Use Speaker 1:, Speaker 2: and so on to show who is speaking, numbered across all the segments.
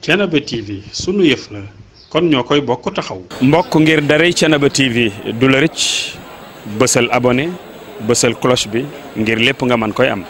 Speaker 1: Thiénaba TV sunu yëf la kon ñoo koy bokk taxaw. mbokk ngir daray Thiénaba TV du la rëcc abone abonné bësal cloche bi ngir lépp nga mën koy am.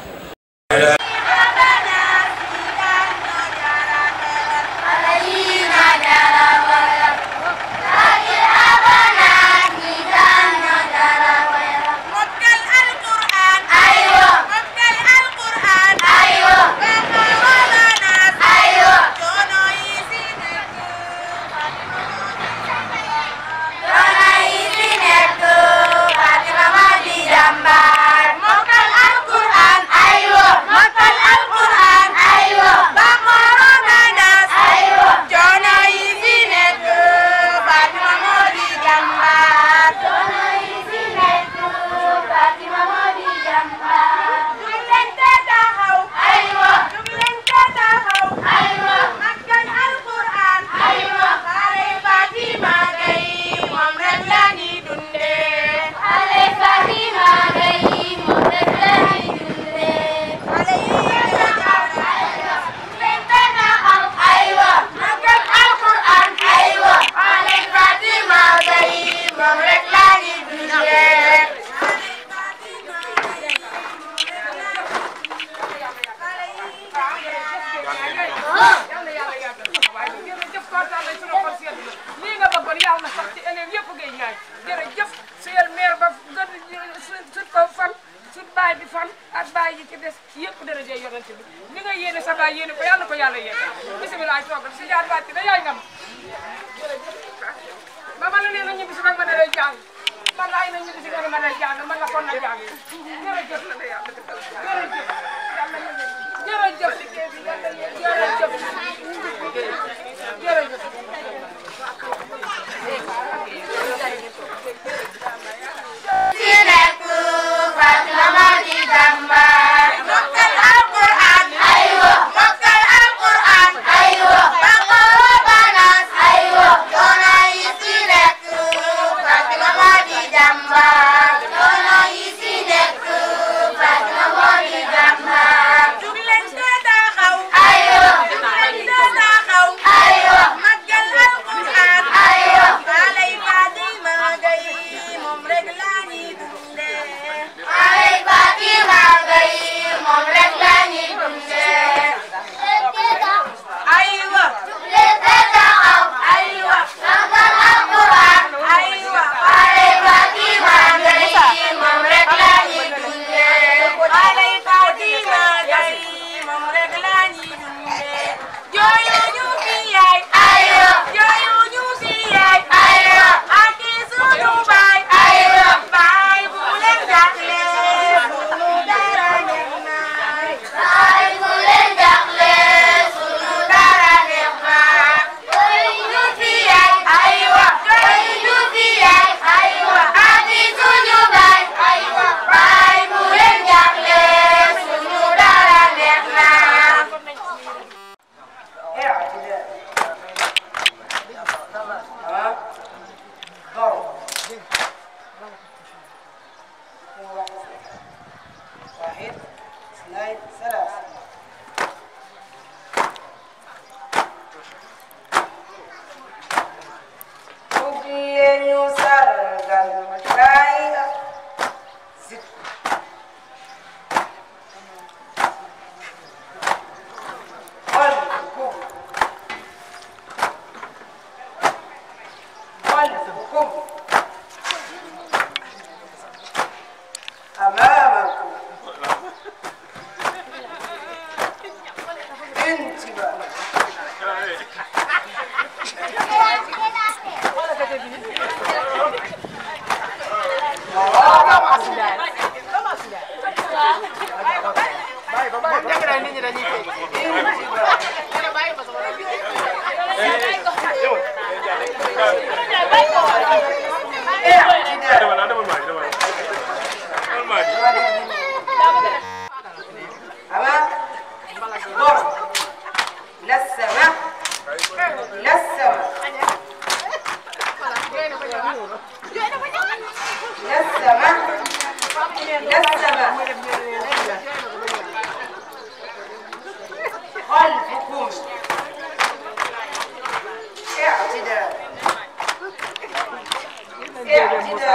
Speaker 2: Thank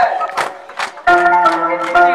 Speaker 2: you.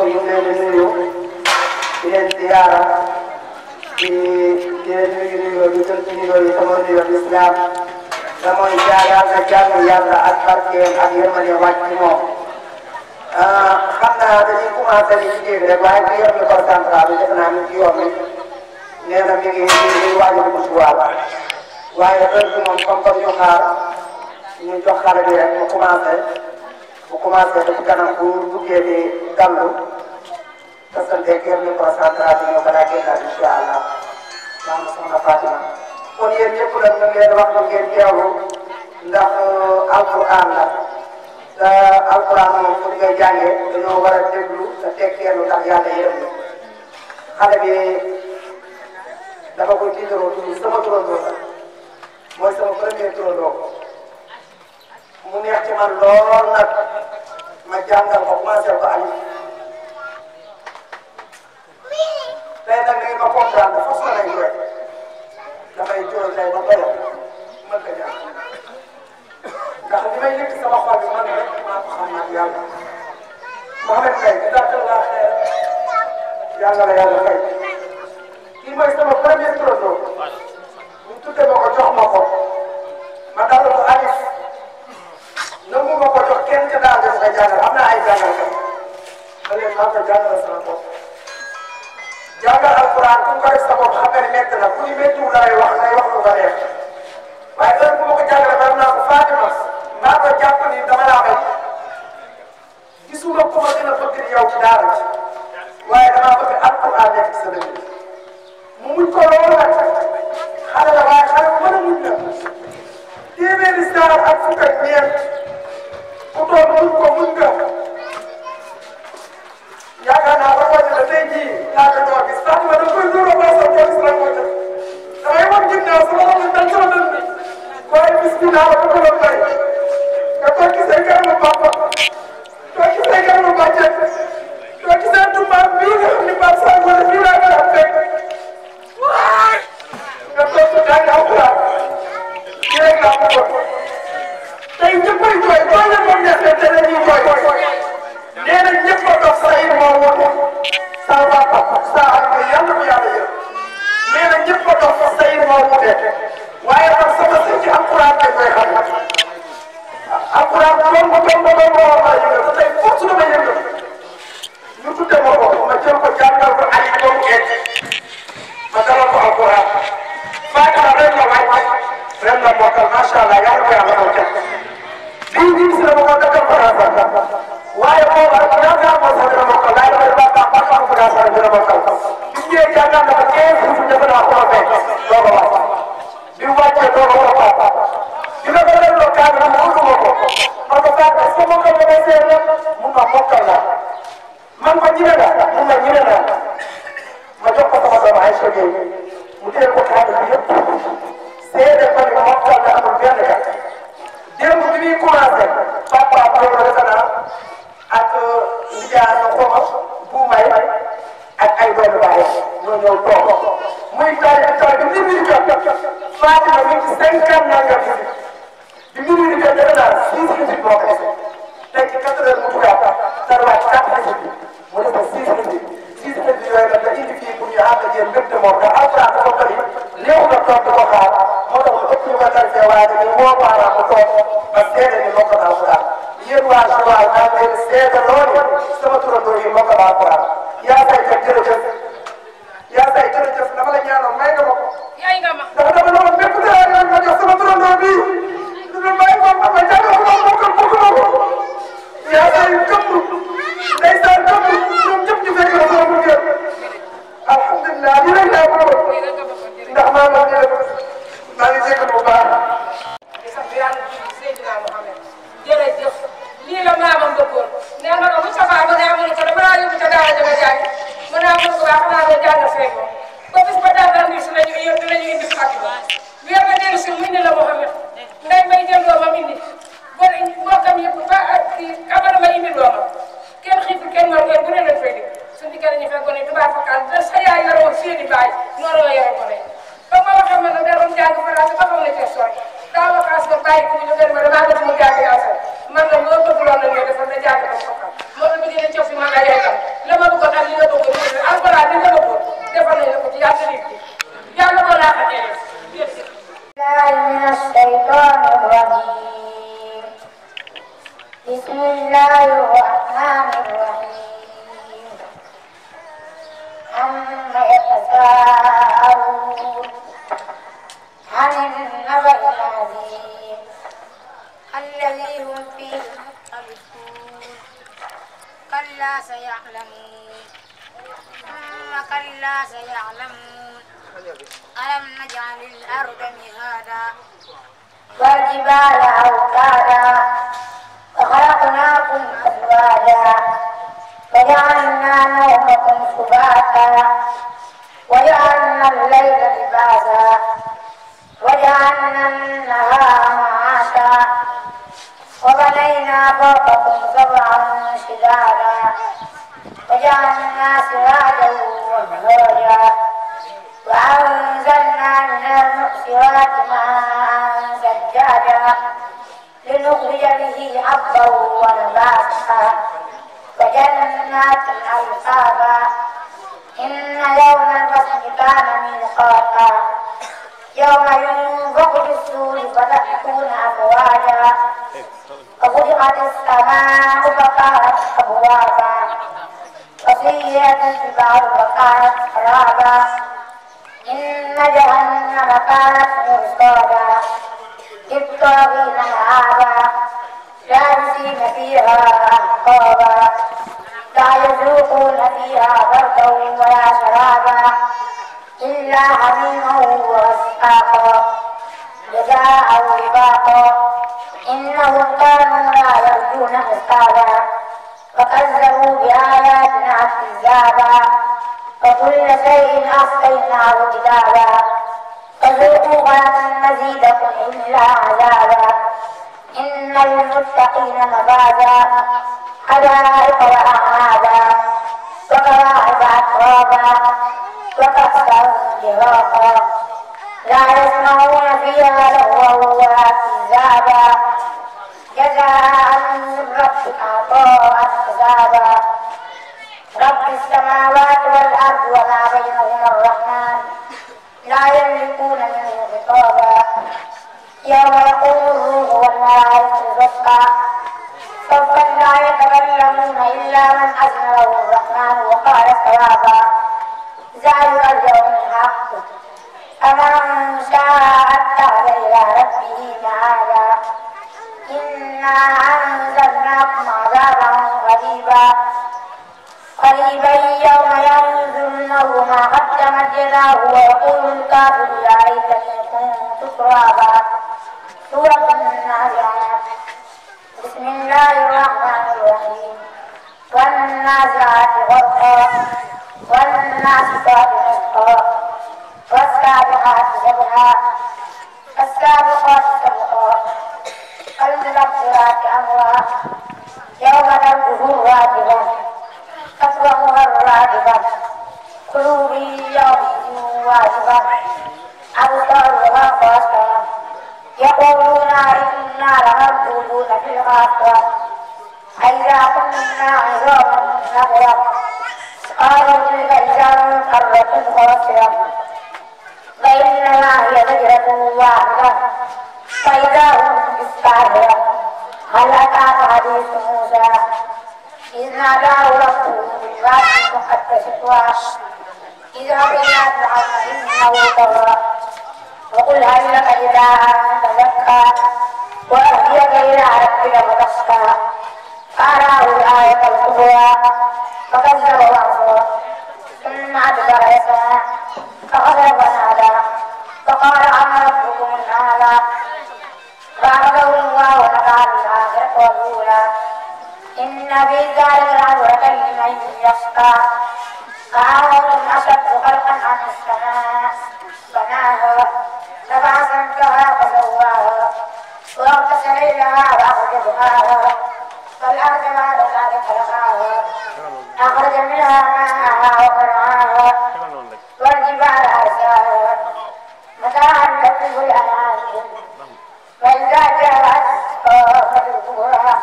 Speaker 3: mbokk yi leen di nuyu di leen ziyaara di di leen nuyu nuyoo di jël ci nuyoo yi sama nuyoo bi islam da mooy jaar na jaamu yàlla ak barkeem ak yërmande wàcc ci moom ah, xam naa dañuy commencé di liggéey bi rek waaye ki yor mi concentrat bi def naa mi ci yoon mi nee na mi ngi mi ngi waaj
Speaker 1: a dugg si waaw waaye heure bi moom comme comme ñu xaar ñu jox xale bi rek mu commencé bu commencé ba ci kanam bu buggee di gàllu tasanteeg yéen ñu concentration ñu balaa génnaat incha allah maa ngi soxna Fatima kon yéen ñëpp nag ñu ngi leen wax ñu
Speaker 2: ngeen teewlu ndax uh, alquran la te alquran moom fu ngay jàngee dañoo war a déglu te teg teelu ndax yàlla yërëm ñu xale bi
Speaker 1: dafa koy tiitaroo tudd sama turandoo la mooy sama premier turandoo mu neex ci man ma jàngal ko commencé ko alif tey ma comprendre fas ma lay joxe damay joxe tey ba doyoo mën nga jàng
Speaker 2: ndax li may yëg sama xol bi man rek maa ko xam ak yàlla Mouhamed Mbaye di dàkkal laa xeer yàlla la yàlla fay
Speaker 1: kii mooy sama premier turando ñu tudde ma ko jox ma ko ma dalal ko alif. nangu ma ko jox kenn daa def nga jàngal am na ay jàngal ko ma ne maa ko jàngal sama bopp jàngal alquran ku ko def sa bopp xam nga ne métti na ku ñu méttiwul lay wax ngay wax lu ko neex waaye heure bu ma ko jàngalee ba naa ko Fatima maa ko jàpp ni dama laa bañ gisuma ko ma gën a bëgg yow ci daara ci waaye damaa bëgg alquran nekk ci sa dëkk mu muñ ko loolu nag xale la waaye xale bu mën a muñ la téeméeri saa ak fukk ak ñeent ku doon ko mun nga yaakaar naa ba wàññi la tey jii laata ñu gis ndax ma dafa ñu ko baax sa tool si la ko def damay wax ginnaaw sama xol dal sama dal bi waaye bis bi naa la ko doon bay nga toog
Speaker 2: gisee kër lu papa toog gisee kër lu bàcce toog gisee tubaab bii nga xam ne Pape Sango la bii laa koy am fekk nga toog sa daanaka alxuraan kii rek laa ko tey ñëppay jooy boo leen
Speaker 1: ko neexee te dañuy jooy nee na ñëpp a dox say moo woon
Speaker 2: الذي
Speaker 3: هم فيه مختلفون كلا سيعلمون كلا سيعلمون ألم نجعل الأرض مهادا والجبال أوتادا وخلقناكم أزواجا وجعلنا نومكم سباتا وجعلنا الليل لباسا وجعلنا النهار معاشا وبنينا فوقكم سبعا شدادا وجعلنا سراجا وزروجها وأنزلنا من المؤسرات ماء ثجاجا لنخرج به حبا ونباتا وجنات ألفافا إن يوم الفصل كان ميقاتا يوم ينفق في السور فتأتون أفواجا وفتحت السماء فقالت أبوابا وسيئة بعد وقعت رعبا إن جهنم كانت مرصادا للطاغين مآبا لابسين فيها أحقابا لا يذوقون فيها بردا ولا شرابا إلا حميما وغساقا جزاء وفاقا إنهم كانوا لا يرجون حسابا وكذبوا بآياتنا كذابا وكل شيء أحصيناه كتابا فذوقوا ولن نزيدكم إلا عذابا إن للمتقين مفازا حدائق وأعنابا وكواعب أترابا وكأسا جرابا لا يسمعون فيها لغوا ولا كذابا جزاء من ربك عطاء حسابا رب السماوات والأرض وما بينهما الرحمن لا يملكون منه خطابا يوم يقوم الروح والملائكة صفا صفا لا يتكلمون إلا من أذن له الرحمن وقال صوابا ذلك اليوم الحق فمن شاء اتخذ إلى ربه معادا أنذرناكم عذابا غريبا قريبا يوم ينظر المرء ما قدمت يداه ويقول الكافر يا ليتني كنت ترابا سورة النازعات بسم الله الرحمن الرحيم والنازعات غرقا والناشطات نشطا والسابقات سبقا فالسابقات سبقا فالتقت الصراط أمرها يوم نرده واجبا تقومها الراجبا قلوبي يومئذ واجبا أبصارها خاشعة يقولون إنا لمردودون في الغافرة أئذا كنا عظاما نخرة قالوا تلك إذا كرة خاسرة فإنما هي زجرة واحدة فإذا هم بالساهرة هل أتاك حديث موسى إذ ناداه ربه بالواد المقدس طوى اذهب إلى فرعون إنه طغى وقل هل لك إذا أنت زكى وأهديك إلى ربك فتشقى فأراه الآية الكبرى فكذب وعصى ثم أدبر يسعى فغضب ونادى فقال عما ربكم الاعلى فعبده الله ونفع بالاخره والاولى ان في ذلك لعبره لمن يخشى فعون اشد خلقا عن السماء بناه رفع سمكها فسواه واغطى سبيلها واخرج بقاها والارض بعد ذلك خلقاها اخرج منها ماءها وقرعاها والجبال ارساها متاعا كثير الانعام فاذا جاءت فارزقها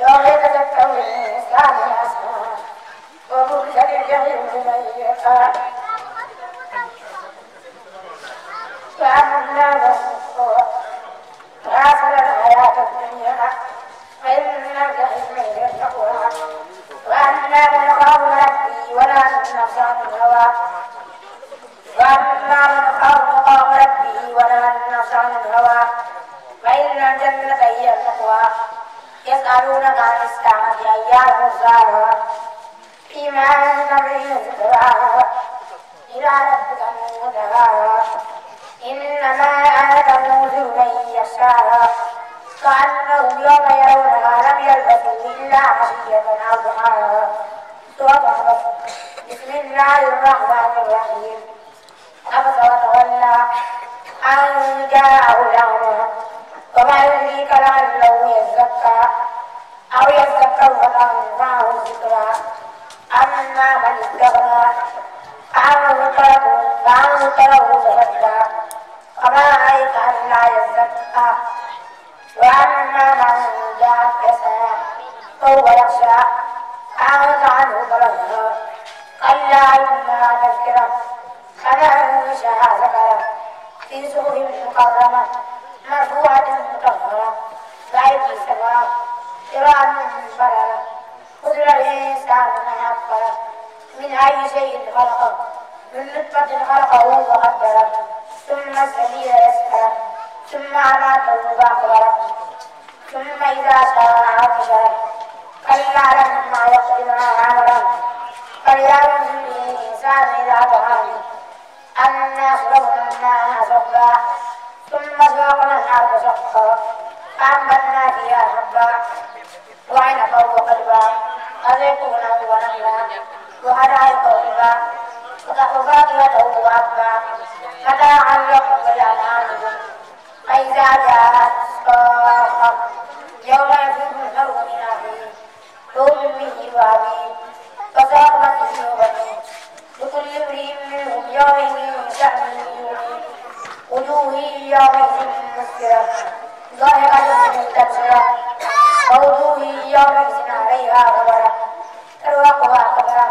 Speaker 3: يوم يتذكر الانسان اسمه وبخشت الجحيم لمن يشاء فاما من يعلمونك عن الساعة أيام مرساها فيما أنت من ذكراها إلى ربك منتهاها إنما أنت منذر من يخشاها كأنهم يوم يرونها لم يلبثوا إلا عشية أو ضحاها سورة بسم الله الرحمن الرحيم عبس وتولى أن جاءه الأعمى وما يدريك لعله يزكى أو يذكر فتنفعه الذكرى أما من استغنى عنه طلبه فعنه طلبه تفتى وما عليك أن لا يزكى وأما من جاءت يسعى فهو يخشى أعرض عنه طلبه كلا إنها تذكرة خلاه شاء ذكره في سوق مكرمة مرفوعة مطهرة لا يبقي سفره إرادة فرغ قدر الإنسان ما أكبره من أي شيء خلقه من نطفة خلقه فقدره ثم السبيل يسره ثم أماته فأقبره ثم إذا شاء عرشه كلا لما يقضي ما أمره فلينظر الإنسان إذا طغاه أنا صببنا الماء صبا ثم سوقنا الأرض سقا عملنا إياه حبا وعنبا وقلبا وزيتونا ونخلا وحدائق غلبا وفاكهة وأبا متاعا لكم ولأنعامكم فإذا جاءت
Speaker 4: الصاخة
Speaker 3: يوم يفيض المرء من أخيه وأمه وأبيه وساقمت ذنوبهم لكل امرئ منهم يومئذ شأن يغنيه وجوه يومئذ مسكرة ظاهرة من كبسها ووجوه يومئذ عليها غبرة ترهقها قبرة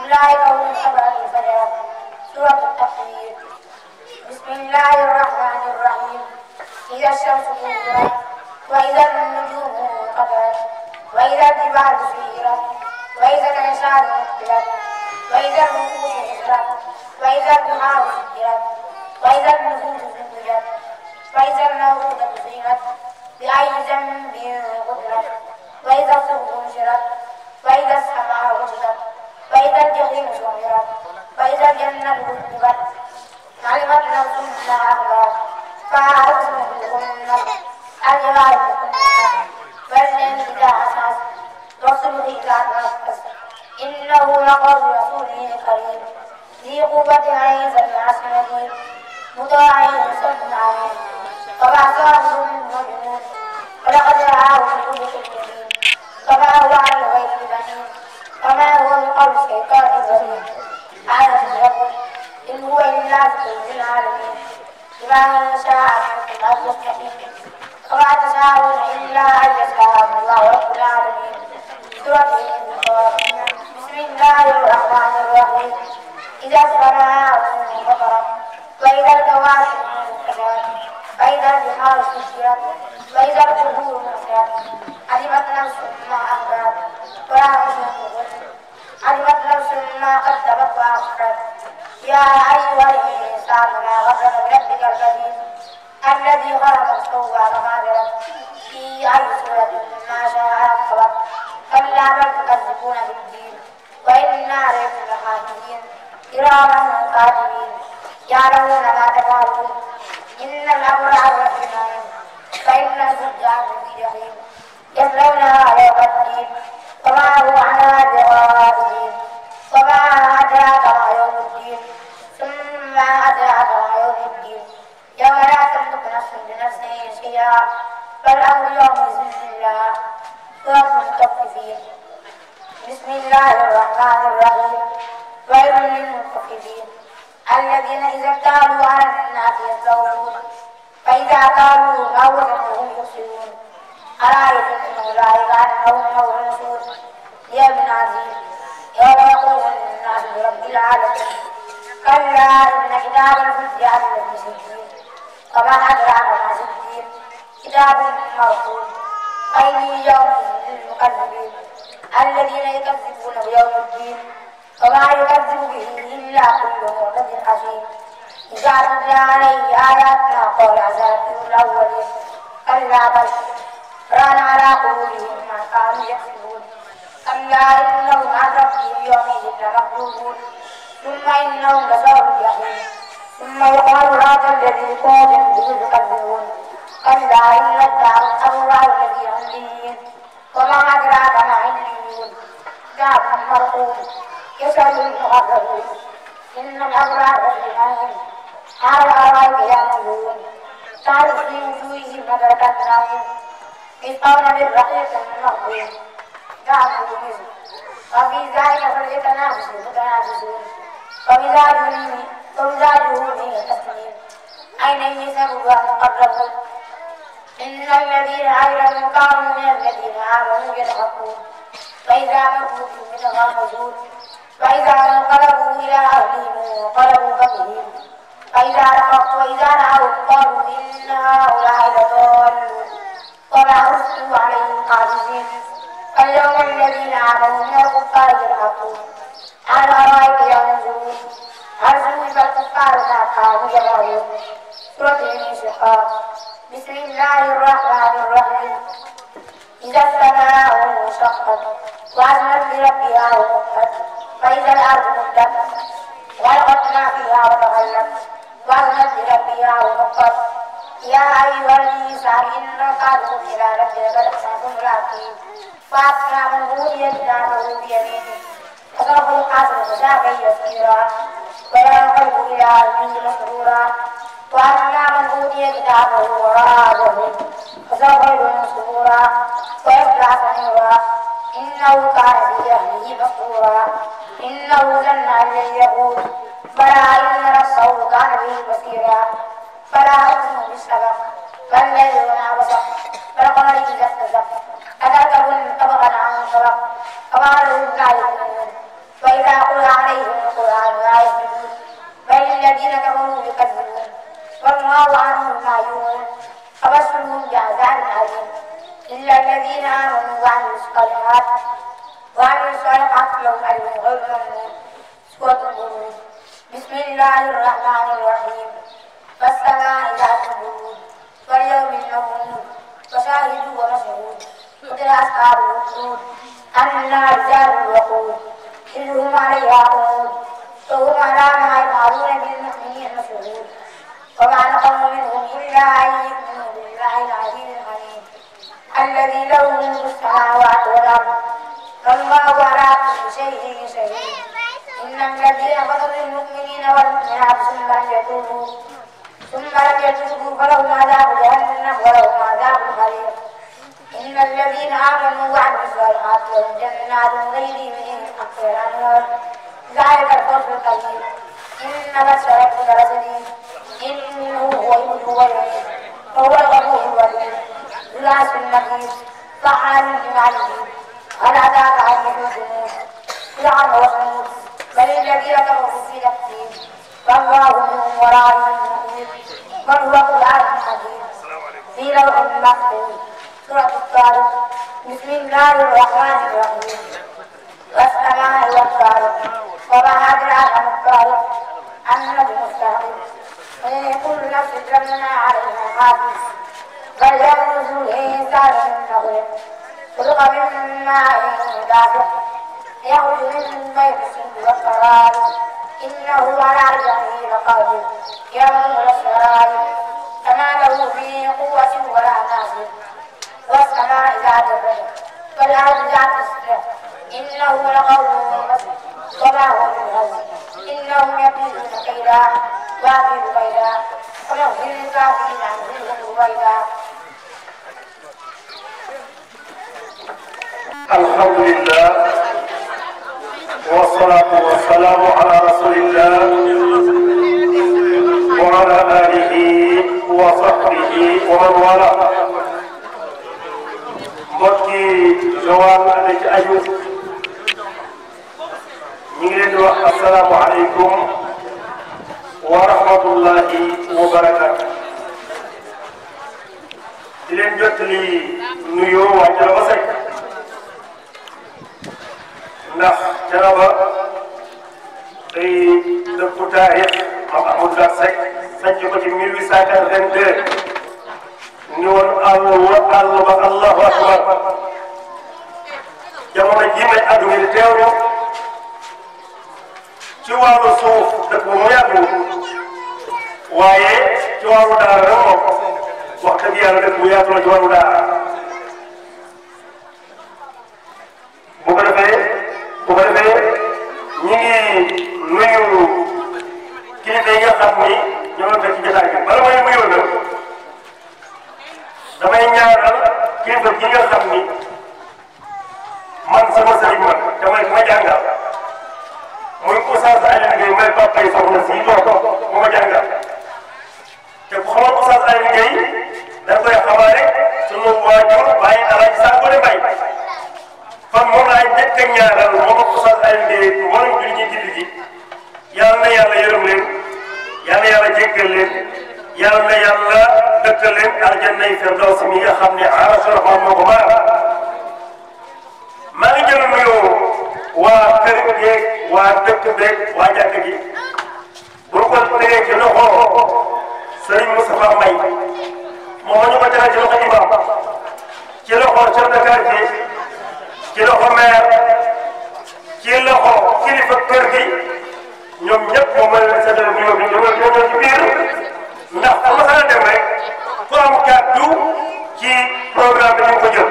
Speaker 3: أولئك هم الكفرة الفجرة سورة التكوير بسم الله الرحمن الرحيم إذا الشمس كورت وإذا النجوم انقطعت وإذا الجبال سيرت وإذا العشار مقبلت وإذا الوحوش حجرت وإذا البحار سجرت وإذا النفوس زوجت وإذا الموءودة سجنت بأي ذنب قتلت وإذا الصحف نشرت وإذا السماء رجت وإذا الجحيم سعرت وإذا الجنة كتبت علمت نفس ما أخلت فأعرفت بالغنة أجمعت بالغنة والليل إذا أسعس والصبح إذا تنفس إنه لقول رسوله قريب ذي قوة عيسى بن عسلم مطاع ثم عميق وما أكثرهم مؤمنون ولقد رآه من كل مبين
Speaker 5: وما هو على الغيب بمنون وما هو من قول شيطان ظنون أنا تشركون إن هو إلا ذكر للعالمين لمن شاء منكم أن يستقيم وما تشاءون إلا أن يشاء الله رب العالمين سورة بسم الله الرحمن الرحيم إذا السماء
Speaker 3: انفطرت وإذا الكواكب انتثرت فإذا البحار سجرت وإذا القبور نصرت علمت نفس ما أحضرت ولا نفس علمت نفس ما قدمت وأخرت يا أيها الإنسان ما غرك بربك الكريم الذي خلقك سوى فقدرك في أي سورة ما شاء أكبر كلا بل تكذبون بالدين وإن عليكم لحافظين كراما كاتبين يعلمون ما تفعلون إن الأبرار لفي فإن الفجار في جحيم يصلونها يوم الدين وما هو عنها بغائب وما أدراك ما يوم الدين ثم أدراك ما يوم الدين يوم لا تملك نفس بنفسه شيئا فالأمر يوم الله صراط المستقيم بسم الله الرحمن الرحيم ويل للمتقين الذين إذا اكتالوا على الناس يستوفون فإذا قالوا أو هم يبصرون أرأيتم إن أولئك أنهم موعظون ليوم عظيم يوم يقول الناس لرب العالمين كلا إن كتاب الفجار لفي سجين وما أدراك ما سجين كتاب مرسول قيل يوم للمكذبين الذين يكذبون بيوم الدين وما يكذب به إلا كل معتد أثيم إذا تتلى عليه آياتنا قال أساطير الأولين كلا بل ران على قلوبهم ما كانوا يكسبون كلا إنهم عن ربهم يومئذ لمحجوبون ثم إنهم لصالوا الجحيم ثم يقال هذا الذي كنتم به تكذبون كلا إن الدار الأبواب الذي عندهم وما أدراك ما عندهم دار مرقوم يسأل مغفر إن الأبرار في نعيم على الأرائك ينظرون تعرف في وجوههم نبرة النعيم يسقون بالرقيق المخبوط تعبدهم وفي ذلك فليتنافس المتنافسون ومزاجه ومزاجه من التسليم أين يذهب ومقربون إن الذين أجرموا كانوا من الذين آمنوا يضحكون فإذا مروا بهم يتغامزون فإذا انقلبوا إلى أهلهم انقلبوا فكهين فإذا رأوا قالوا إن هؤلاء لضالون وما أرسلوا عليهم حافظين اليوم الذين آمنوا من الكفار يضحكون على الأرائك ينظرون هل ثوب الكفار ما كانوا يفعلون سورة الانشقاق بسم الله الرحمن الرحيم إذا السماء انشقت وأذنت لربها وحقت فإذا الأرض مدت وألقت فيها وتغلت وأذنت لربها وحقت يا أيها الإنسان إنك عدو إلى ربك لمحزون العقيم فأتنا من أوتي كتابه بيمينه فسوف يحاسب حسابا يسيرا ولا ينقلب إلى أهله مسرورا وأما من أوتي كتابه وراء ظهره فسوف يدعو سبورا ويصلى سعيرا إنه كان بأهله مسرورا إنه جن أن يقول بلى إن نفسه كان به بصيرا فلا أقسم بالشفق والليل ما وسق والقمر إذا اتسق أتركهن طبقا عن طبق فما لهم لا يؤمنون
Speaker 2: وإذا قرأ عليهم القرآن
Speaker 3: لا يسجدون بل الذين كفروا يكذبون والله عنهم ما يؤمنون فبشرهم بعذاب أليم إلا الذين آمنوا وعملوا الصالحات وعملوا الصالحات لهم أجر غير ممنون سورة البروج بسم الله الرحمن الرحيم والسماء ذات البروج واليوم الموعود وشاهد ومشهود قتل أصحاب الأخدود النار ذات الوقود إذ هم عليها قعود وهم على ما يفعلون بالمؤمنين مشهود وما نقموا منهم إلا أن يؤمنوا بالله العزيز الذي له ملك السماوات والأرض والله على كل شيء شهيد إن الذين كفروا المؤمنين والمؤمنات ثم لم يتوبوا ثم لم يتوبوا فلهم عذاب جهنم ولهم عذاب الحريق إن الذين آمنوا وعملوا الصالحات لهم جنات غير من تحتها الأنهار ذلك الفوز القدير إن بس ربك لشديد إنه هو يبدو ويعيد وهو الغفور الرحيم إلى سنته فعال بمعنه هل أتاك عن الجنود فرعون والجنود بل الذين كفروا في نفسهم فالله منهم ورائهم مؤمن بل هو قرآن حكيم في لوح مكتوب سورة الطارق بسم الله الرحمن الرحيم والسماء والطارق وما أدراك ما الطارق النجم الثاقب ويقول نفس جنة عليها حافظ فإذا الإنسان نظيم خلق من ماء دافق يخرج من بيت والقرار إنه على عزمه لقادر يوم الأسرار فما له فيه قوة ولا ناصر والسماء ذات الرجل والأرض ذات السر إنه لقول رسول وما هو من إنهم يكيدون كيدا وأكيد كيدا 그냥 우리가 우리랑 우리는 누가이다. الحمد لله والصلاة والسلام على رسول
Speaker 1: الله وعلى آله وصحبه ومن والاه mbokki Joal ci Ayub ñu ngi leen di wax asalaamaaleykum wa rahmatullahi wa barakatu di leen jot li nuyoo waa Thiénaba Seck ndax Thiénaba day dëkku taarix am Amadou Dar Seck sanc ko ci 1882 ni woon àll wa àll ba allahu akbar suuf dëkk bu mu yàggu waaye ci wàllu daara la moom wax dëgg yàlla dëkk bu yàggu la ci wàllu daara bu ko defee bu ko defee ñu ngi nuyu kilifa yi nga xam ni ñoo ngi fekk ci jotaay bi bala may nuyoo nag damay ñaaral kilifa gi nga xam ni man sama sëriñ man damay ma jàngal. muy Oustaz Alioune Gueye mooy papay soxna si toog mu ko jàngal te ku xamoon Oustaz Alioune Gueye da koy xabaare sunu waajur bàyyi alaaj Sango de Mbaye fan moom laay njëkk a ñaanal moom ak Oustaz Alioune Gueye wala mu julli ci julli ji yàlla na yàlla yërëm leen yàlla na yàlla jéggal leen yàlla na yàlla dëkkal leen aljanna yi firdaws mi nga xam ne arrasul rahmaan moo ko maa maa ngi waa kër waa dëkk waa jàkk gi bu ko tegee ci loxo sëriñ moo ñu ko loxo imam ci loxo chef de quartier ci loxo maire ci loxo kilifa kër gi ñoom ñëpp moom la leen séddale nuyoo bi ñoom ñoo ñoo ci biir ma sa dem rek ku am kàddu programme bi ñu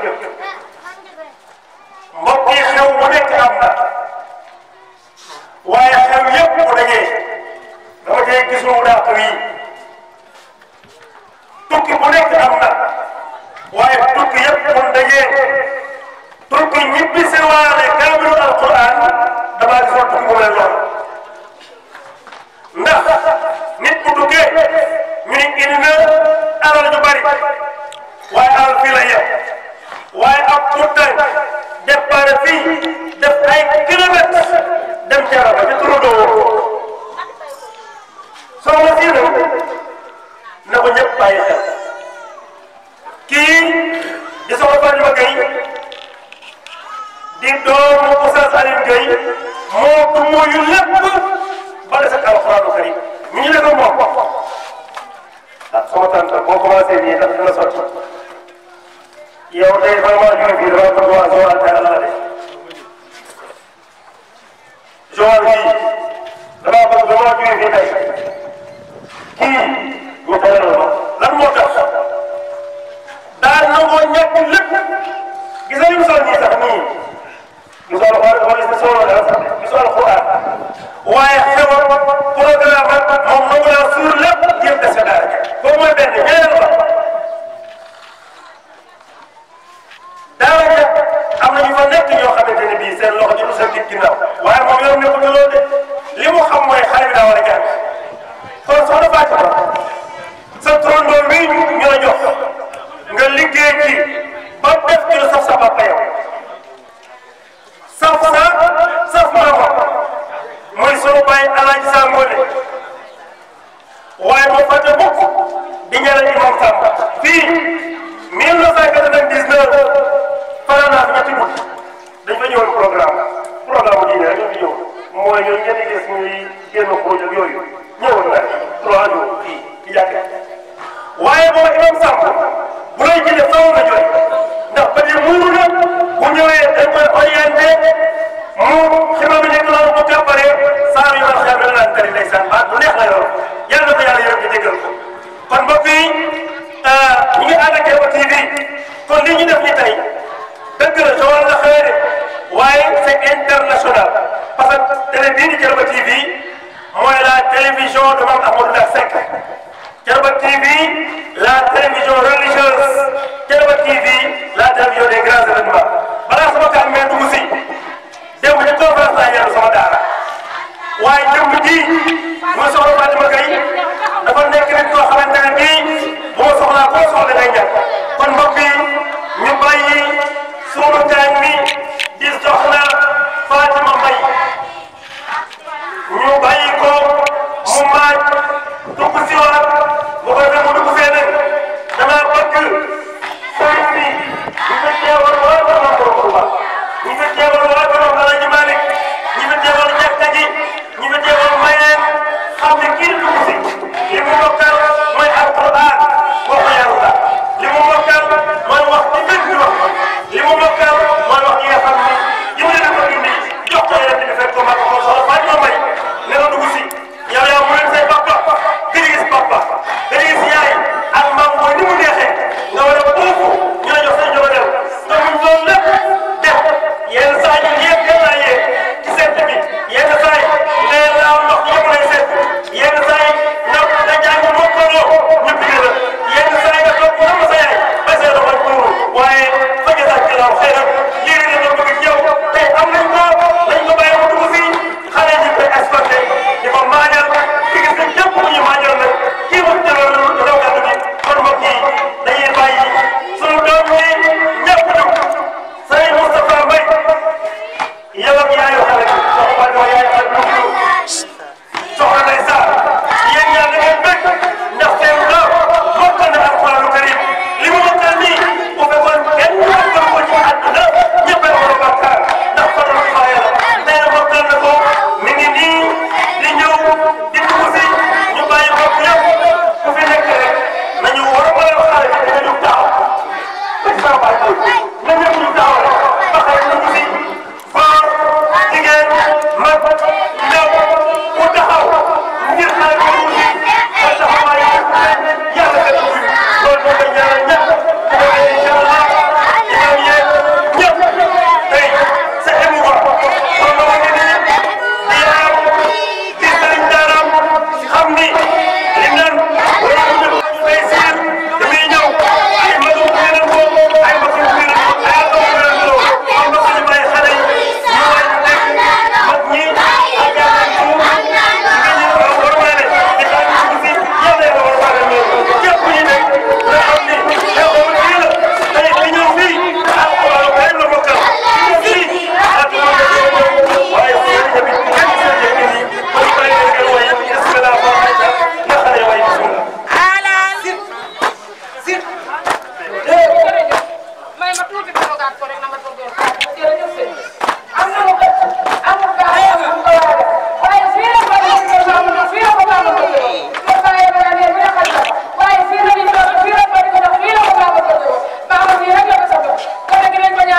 Speaker 1: mbokk yi xew bu nekk am na waaye xew yëpp bu dajee dama dee gis lu dàq wii tukki bu nekk am na waaye tukki yëpp bu dajee tukki ñibbi si waale kaamilu alquran damaa gisoon tukki bu mel noonu ndax nit bu duggee ñu ne indi na alal ju bari waaye la yem waaye ab tuutay départ fii def ay kilomètres dem jaara ba ñu turandoo woo soxna na ko ñëpp bàyyi xel kii di soxna Fatima Gueye di doomu Oustaz Alioune Gueye moo ko mooyu lépp ba des ak alxuraanu karim ñu ngi leen ko moom ah sama tante boo commencé nii daf la sotti. yow tey boo ma jógee fii damaa bëgg waa Joal te àll la de Joal fii damaa bëgg damaa jógee fii tey kii ñu bëri na ma lan moo tax daal na moo ñàkk lépp gis nga li mu soxla nii sax nii mu soxla xool wala sa soxla dara sax mu soxla xuraan waaye xewal programme moom nangu naa suur lépp yëpp des nga daal boo mooy benn ñeneen ba seen loxo ñu musal nit ginnaaw waaye moom yow ne ko de loolu de li mu xam mooy xale bi daa war a jàng kon soxna Fatou Ba sa turandoo wi ñu la jox nga liggéey ci ba def ci la saf sa bopp yow saf sa saf maamam mooy soo bàyyi alaaji saa ngoone waaye boo fàtte mukk di ñaanal imam Samba fii 1999 faral naa fi ñetti guddi fi ñëwoon programme programme bu diine rek ñu fi ñëw mooy ñoom ngeen di gis ñuy génn projet yooyu ñëwoon na trois jours fii ci jàkka waaye booba imam Sakho bu lay jëlee faaw nga jooy ndax ba tey muur na bu ñëwee dañ koy orienté mu xima bi nekk loolu bu kàppare saa yu ma xam ne naan tari ndeysaan baat bu neex la yor yàlla na ko yàlla yor di déggal ko kon ba fii euh, ñu ngi ànd ak Kepa TV kon li ñu def ni tey dëgg la soo war na xëy waaye c'est international parce que télé bii di Thiénaba TV mooy la télévision de Mame Ahmadou Seck Thiénaba TV la télévision religieuse Thiénaba TV la télévision des grands événements balaa sama kàddu ngeen dugg si démb ci conférence laa ñaan sama daara waaye jëmm ma soxla Fatima Gaye dafa nekk nit koo xamante ne bii bu ma soxlaa koo soxla day ñàkk kon mbokk yi ñu bi ci soxna Fatima Mbay ñu bàyyi ko mu maaj dugg si waat bu ko defee mu dugg feneen dama bëgg sëriñ bi ñu fi teewal waa borom Touba ñu fi teewal waa borom Alaaji Malik ñu fi teewal jàkka ji ñu fi teewal mayeen xam ne kii dugg si li mu mokkal mooy alquran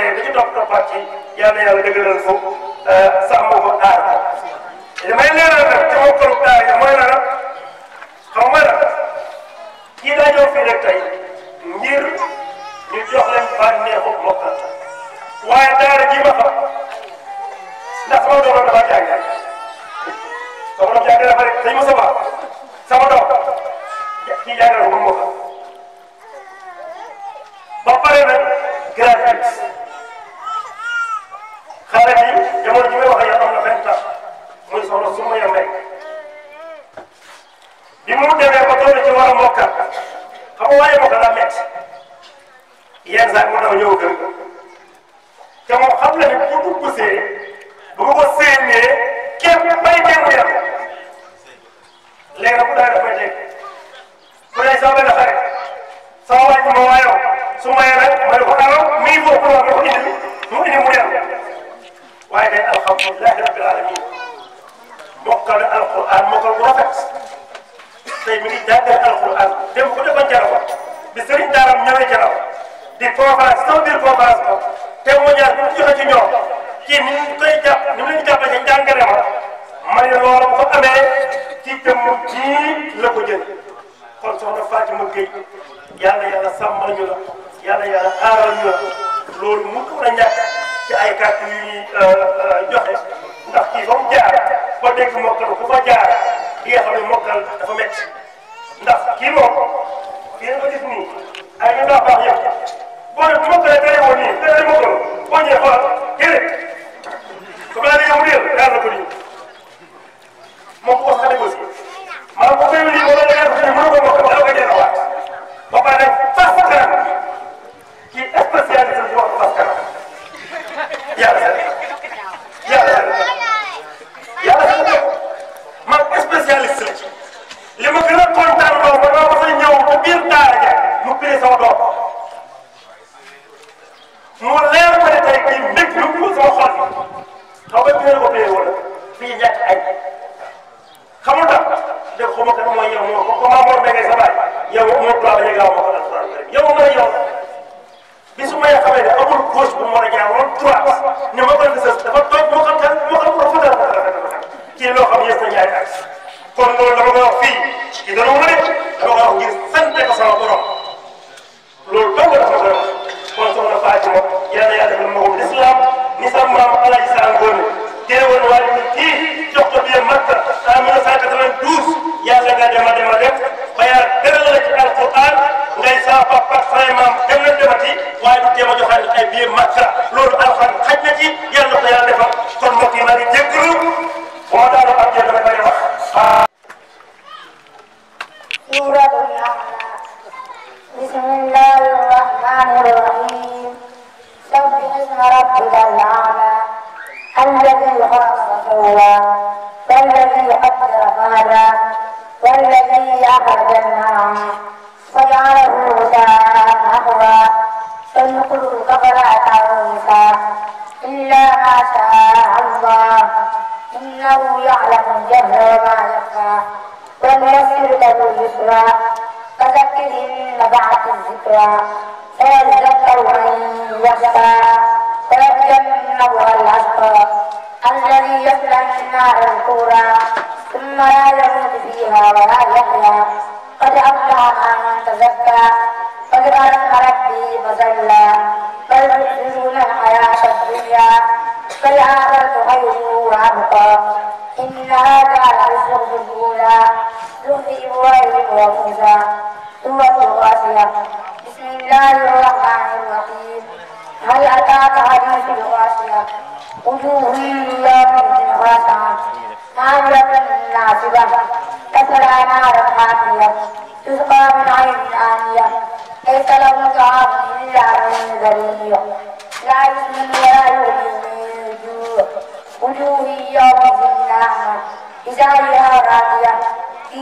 Speaker 1: xale li ci topp toppaat ci yal na yàlla dëgëral ko euh, sàmm ko aar ko li may leeral nag ci mokkalu daara yi mooy lan xaw ma la kii dañoo fi rek tey ngir ñu jox leen bànneexu mokkal waaye daara ji ma xam ndax sama doom dafa jàng sama doom jàng dafa rek dañ ma sama sama doom kii jàng na ko ba pare nag gratuit xale bi jamono ji may wax yow na vingt ans muy soxla su ma yemee bi mu ba toll ci war a mokkal waaye mokkal daa métti yenn saa yi mu daw ñëw gën te moom xam na bu see bu ko séenee kenn bay kenn mu yem léegi bu dawee dafay dégg bu dee sama benn xarit sama waay ma waayoo su ma yemee ma ne ko dara mi ma ne ko indi mu indi mu yem. waaye nag alhamdulilahi rabbil alamin mokkal alquran mokkal bu rafet tey mi ngi jàngale alquran dem ko defa jarawa bi sëriñ daaram ñëwee jaraw di conférence sama biir conférence ko témoignage bi mu joxe ci ñoom ci ni ñu koy jàpp ni ma ma ne loolu ko amee ñu la yàlla yàlla aaral ñu loolu mu ko ci ay kàddu yu euh, euh, joxe ndax kii fa mu jaar ba dégg mokkal ku fa jaar ki nga xam ne mokkal dafa métti ndax kii moom yéen a ko gis nii ay ñu baax baax yëpp boo ne bu mokkalee tey woon nii tey mokkal boo ñëwee xoolal gërëm su ko laajee yow mu réer daal na ko nii moom ku ko xale ko si maanaam ku koy lii wala nga def mënu ko mokkal dara nga jënd waat ba pare fas kanam kii spécialiste bi wax fas kanam yàlla yàlla yàlla yàlla man spécialiste la ci li ma gën a kontaan loo ba ma mën a ñëw ba biir daara ja mu pire sama doom mu leer ko ne tey tey mbég lu ko sama xol xaw ma pire ko pire wala fii ñàkk ay xamul tax def xuma kat mooy yow moo ko maa moom da ngay sa baay yow moo tubaab la ñu gaaw ma ko alxuraan yow ma yow ci su may xamee ne amul gauche bu mu mën a jaar woon droite ne ma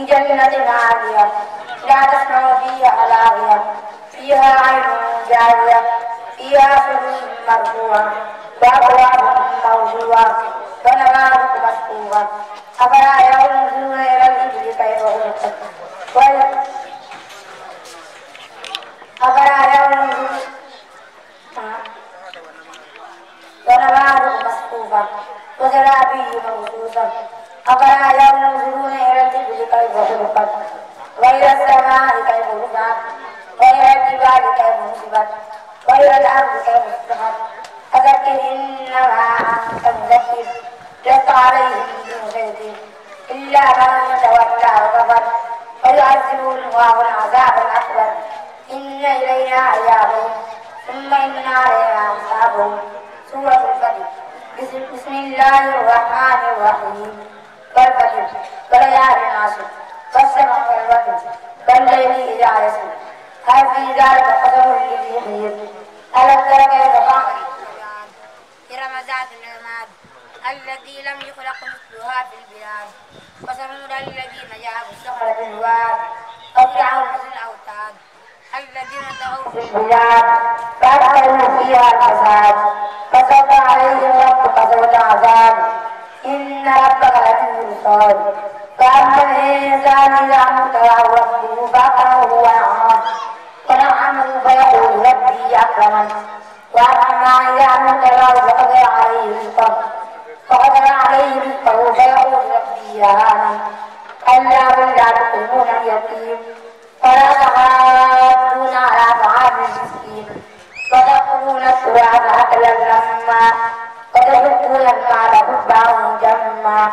Speaker 3: جنة عالية لا تسمع فيها لاغية فيها عين جارية فيها سرور مرفوعة وأكواب موضوعة ونمارق مسكوبة أفلا ينظرون إلى الإبل كيف خلقت أفلا ينظرون ونمارق مسكوبة وزرابي موصوصة أفلا وإلى السماء كيف رفعت وإلى الجبال كيف نصبت وإلى الأرض كيف سطحت فذكر إنما أنت مذكر لست عليهم بمسيطر إلا من تولى وكفر فيعذبه الله العذاب الأكبر إن إلينا إيابهم ثم إن علينا حسابهم سورة الفجر بسم الله الرحمن الرحيم والفجر وليالي العشر فالسمع والوتر والليل إذا يسر هل في ذلك قدر الذي يحيي ألم تر كيف فعل إرم ذات العماد الذي لم يخلق مثلها في البلاد وثمود الذين جابوا الصخر بالواد وفرعون ذي الأوتاد الذين طغوا في البلاد فأكثروا فيها الفساد فسوط عليهم ربك سوط عذاب إن ربك لبالمرصاد فأما الإنسان إذا مبتلاه ربه فأكرمه ونعمه ونعمه فيقول ربي أكرمن وأما إذا مبتلاه فقدر عليه رزقه فقدر عليه رزقه فيقول ربي أهانن ألا ولا تطعمون اليتيم ولا تحاضون على طعام المسكين وتأكلون التراب أكلا لما وتحبون المال حبا جما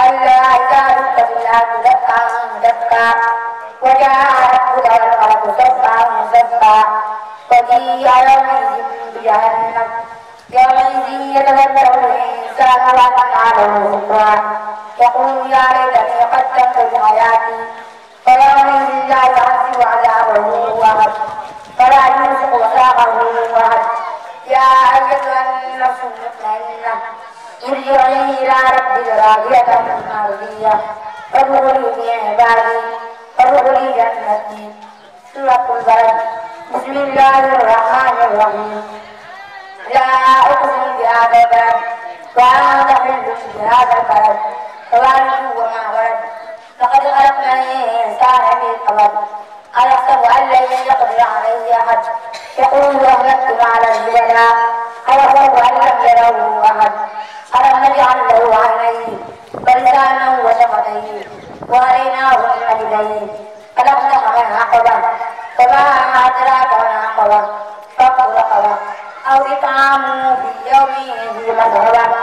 Speaker 3: ألا تعبد إلا دفعا دفعا وجاء ربك والملك صفا صفا وجيء يومئذ بجهنم يومئذ يتذكر الإنسان وما له ذكرى يقول يا ليتني قدمت لحياتي فيومئذ لا يعزب عذابه وهب فلا يوثق وثاقه وهب يا أيتها النفس المطمئنة ارجعي إلى ربك راضية مرضية فادخلي في عبادي فادخلي جنتي سورة البلد بسم الله الرحمن الرحيم لا أقسم بهذا البلد ولا تحل بهذا البلد فوالده وما ولد لقد خلقنا الإنسان في قبل أيحسب أن لن يقدر عليه أحد يقول أهلكت مالا بلدا أيحسب أن لم يره أحد ألم نجعل له عينين ولسانا وشفتين وهديناه النجدين فلقد من عقبة وما أدراك من عقبة فك رقبة أو إطعام في يوم ذي مسغبة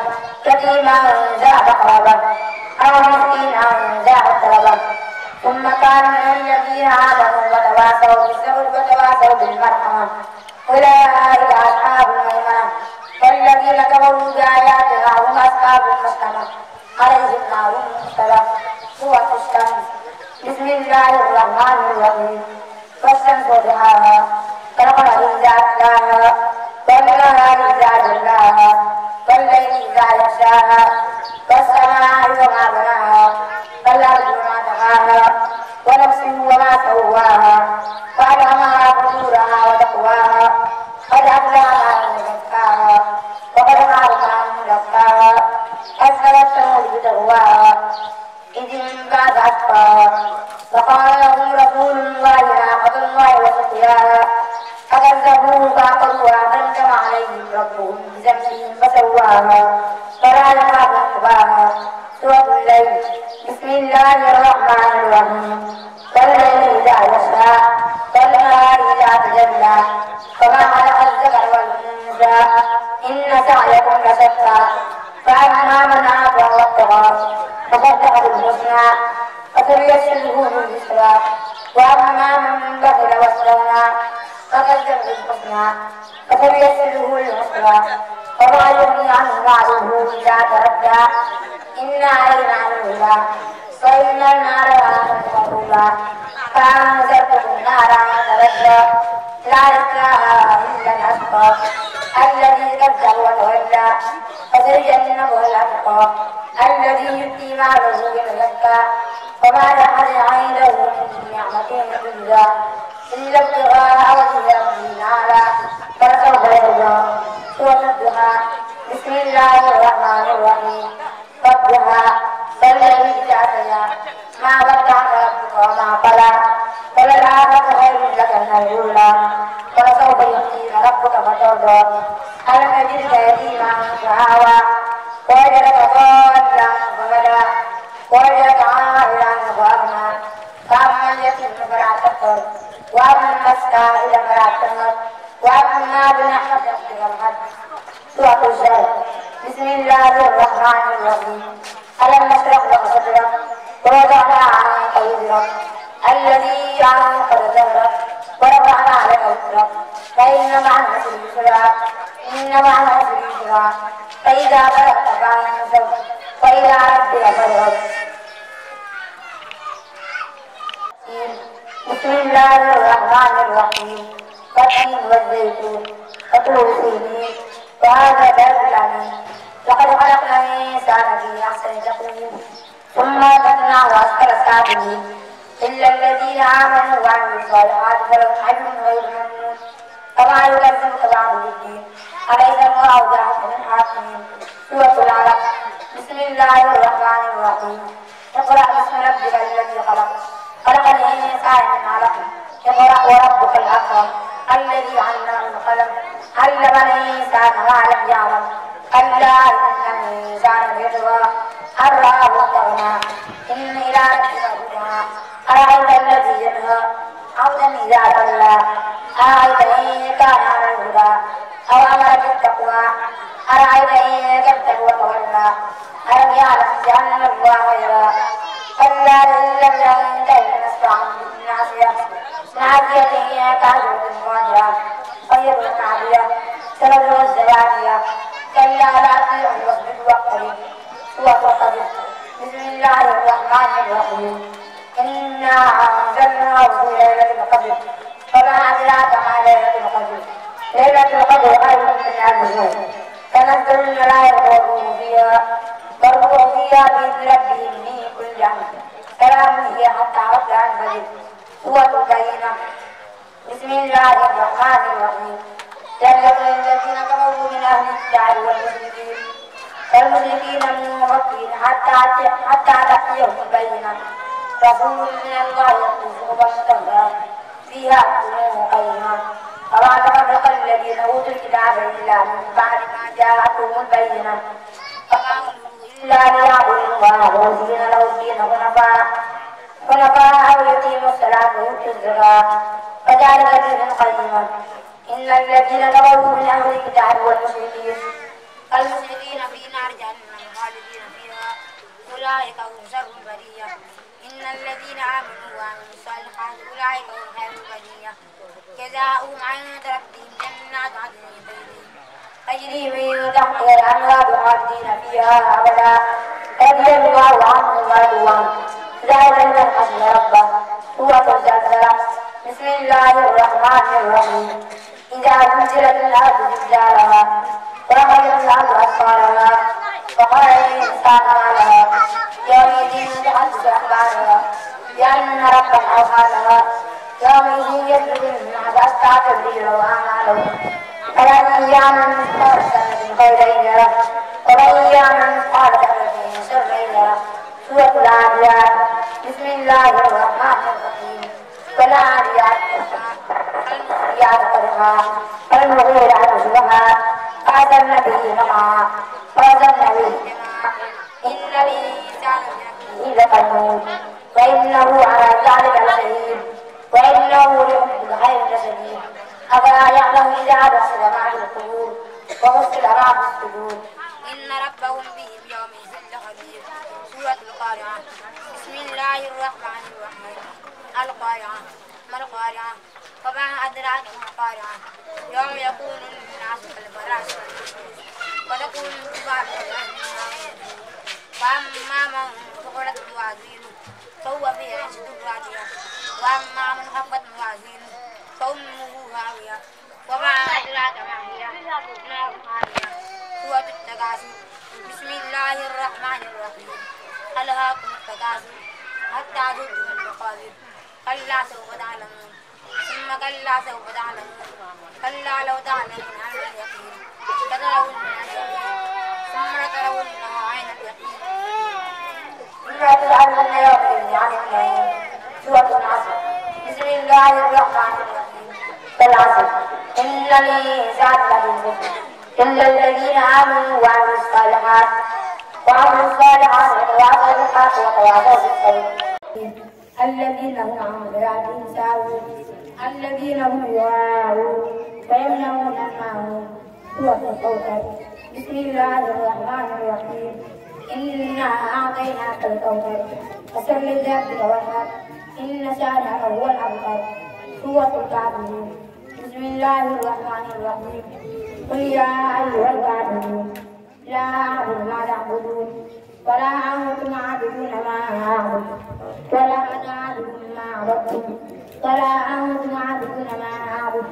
Speaker 3: يتيما ذا مقربة أو مسكينا ذا مسغبة ثم كان من الذين آمنوا وتواصوا بالصبر وتواصوا بالمرحمة أولئك أصحاب الميمنة والذين كفروا بآياتنا أصحاب المسألة عليهم نار مسلم سورة الشمس بسم الله الرحمن الرحيم والشمس وضحاها والقمر إذا تلاها والنهار إذا جلاها والليل إذا يغشاها والسماء وما بناها والأرض وما دعاها ونفس وما سواها فألهمها فجورها وتقواها قد أفلح من زكاها وقد خاب من أسقى أسهل التمويل تغوى إذ انبعث أسقى فقال لهم رسول الله ناقة الله وسقياها فكذبوه فعقروها فانتم عليهم ربهم بذنبهم فسواها فلا يخاف عقباها سورة الليل بسم الله الرحمن الرحيم والليل إذا يسعى والنهار إذا تجلى وما خلق الذكر والأنثى إن سعيكم لشتى فأما من أعطى واتقى فصدق بالحسنى فسنيسره لليسرى وأما من بخل واستغنى فكذب بالحسنى فسنيسره للعسرى وما يغني عنه ماله إذا تردى إن علينا الهدى صلى النار وأخذه الله فأنزلته النار وتولى لا يسقاها إلا الأشقى الذي كذب وتولى فسيجنبه الأتقى الذي يؤتي ماله يتزكى وما لأحد عنده من نعمة إلا إلا ابتغاء وجه ربه الأعلى فلسوف يرضى سورة الضحى بسم الله الرحمن الرحيم ربها فالذي جعلنا ما ودعك ربك وما قلى وللعافة خير لك من الأولى ولسوف يعطيك ربك فترضى ألم يجدك يتيما فآوى ووجدك ضالا فهدى ووجدك عائلا فأغنى فأما اليتيم فلا تقهر وأما السائل فلا تنهر وأما بنعمة ربك فارهب
Speaker 5: سورة الشرك
Speaker 3: بسم الله الرحمن الرحيم ألم نشرح لك صدرك ووضعنا عنك وزرك الذي أنقذ ظهرك ورفعنا لك ذكرك فإن مع العسر يسرا إن مع العسر يسرا فإذا فرغت فانصب وإلى ربك فارغب بسم الله الرحمن الرحيم والتين والزيتون وطول سيدين وهذا باب العميد لقد خلقنا الإنسان في أحسن تقويم ثم رددناه أسفل السافلين إلا الذين آمنوا وعملوا الصالحات فلهم أجر غير ممنون فما يكذبك بعد بالدين أليس الله بأحسن الحاكمين سورة العلق بسم الله الرحمن الرحيم اقرأ باسم ربك الذي خلق خلق الإنسان من علق اقرأ وربك الأكرم الذي علم بالقلم علم الإنسان ما لم يعلم كلا إن الإنسان ليطغى أن رآه استغنى إن إلى ربك الهدى أرأيت الذي ينهى عبدا إذا صلى أرأيت إن كان على الهدى أو أمر بالتقوى أرأيت إن كذب وتولى ألم يعلم بأن الله يرى كلا إن لم ينته لنسفعا بالناصية ناصية هي كاذبة معجرة طيب عافية سنبلغ الزبانية جل على طيع المسجد والقريب سورة صديق بسم الله الرحمن الرحيم إنا أنزلناه في ليلة القدر فما أدراك ما ليلة
Speaker 2: القدر ليلة القدر خير من ألف
Speaker 3: شهر تنزل الملائكة والروح فيها والروح فيها بإذن ربهم من كل أمر سلام هي حتى رد عن فجر سورة بينة بسم الله الرحمن الرحيم يا أيها الذين كفروا من أهل الكتاب والمشركين والمشركين من ربهم حتى حتى تأتيهم البينة رسول من الله يتلو صحبا فيها أمور قيمة فما تفرق الذين أوتوا الكتاب إلا من بعد ما جاءتهم البينة إلا ليعبدوا الله مخلصين له الدين حنفاء حنفاء ويقيموا الصلاة ويؤتوا الزكاة فذلك دين قيما إلا الذين كفروا من أهل الكتاب والمشركين المشركين في نار جهنم خالدين فيها أولئك هم شر البرية إن الذين آمنوا وعملوا الصالحات أولئك هم خير البرية جزاؤهم عند ربهم جنات عدن تجري من تحتها الأنهار خالدين فيها أبدا رضي الله عنهم ورضوان ذلك من حسن ربه سورة الزلزلة بسم الله الرحمن الرحيم إذا زلزلت الأرض زلزالها وأخرجت الأرض أثقالها وقال الإنسان ما لها يومئذ تحدث أخبارها بأن ربك أوحى لها يومئذ يسلك الناس أسرع تبديله وأعماله فمن يعمل مثقال ذرة خيرا يره ومن يعمل مثقال ذرة شرا يره سورة العاديات بسم الله الرحمن الرحيم والعاديات ஞானப்படுமா பலன் வகையிலான சிவகா பாதம் நவீனமா பாதம் நவீ இன்னலி إذا قنون فإنه على ذلك لشهيد وإنه لحب الغيب لشديد أفلا يعلم إذا بصر مع القلوب وغسل ما في الصدور إن ربهم بهم يومئذ لخبير سورة القارعة بسم الله الرحمن الرحيم القارعة ما القارعة وما أدراك ما قارعة
Speaker 2: يوم يكون
Speaker 3: الناس كالبراش وتكون الجبال وأما من ثقلت موازينه فهو في عيشة راضية وأما من خفت موازينه فأمه هاوية وما أدراك ما هي نار هاوية سورة التكاثر بسم الله الرحمن الرحيم ألهاكم التكاثر حتى زرتم المقابر كلا سوف تعلمون ثم كلا سوف تعلمون كلا لو تعلمون علم اليقين لترون ثم لترونها عين اليقين إلا تجعلن يوم عن النعيم سورة العصر بسم الله الرحمن الرحيم فالعصر إن الإنسان لفي إلا الذين آمنوا وعملوا الصالحات وعملوا الصالحات وعملوا الحق وتواصوا بالصبر الذين هم عن ضيعتهم ساوون الذين هم يراءون ويمنعون الماعون سورة الكوثر بسم الله الرحمن الرحيم إنا أعطيناك الكوثر فصل لربك وانحر إن شأنك هو الأبتر سورة الكافرين بسم الله الرحمن الرحيم قل يا أيها الكافرون لا أعبد ما تعبدون ولا أنتم عابدون ما أعبد ولا أنا عابد ما عبدتم ولا أنتم عابدون ما أعبد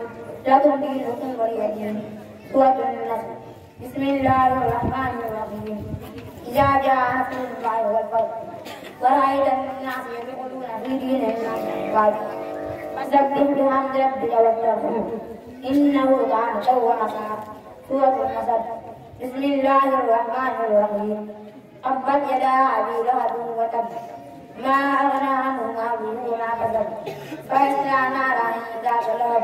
Speaker 3: لكم دينكم ولي دين سورة النصر بسم الله الرحمن الرحيم إذا جاء نصر الله والفضل ورأيت الناس يدخلون في دين الله فسبح بحمد ربك واستغفره إنه كان توابا سورة النصر بسم الله الرحمن الرحيم تبت يدا أبي لهب وتب ما أغنى عنه ماله ما كسب فأسرع نارا ذات لهب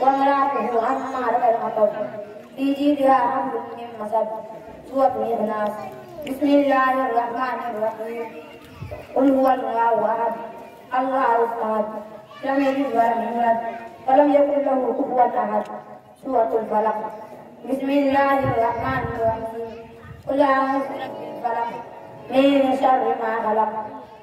Speaker 3: وامرأته عمارة الحطب في جيدها حبل من مصب سورة الناس بسم الله الرحمن الرحيم قل هو الله أحد الله الصمد لم يلد ولم يولد ولم يكن له كفوا أحد سورة الفلق بسم الله الرحمن الرحيم قل أعوذ برب الفلق من شر ما خلق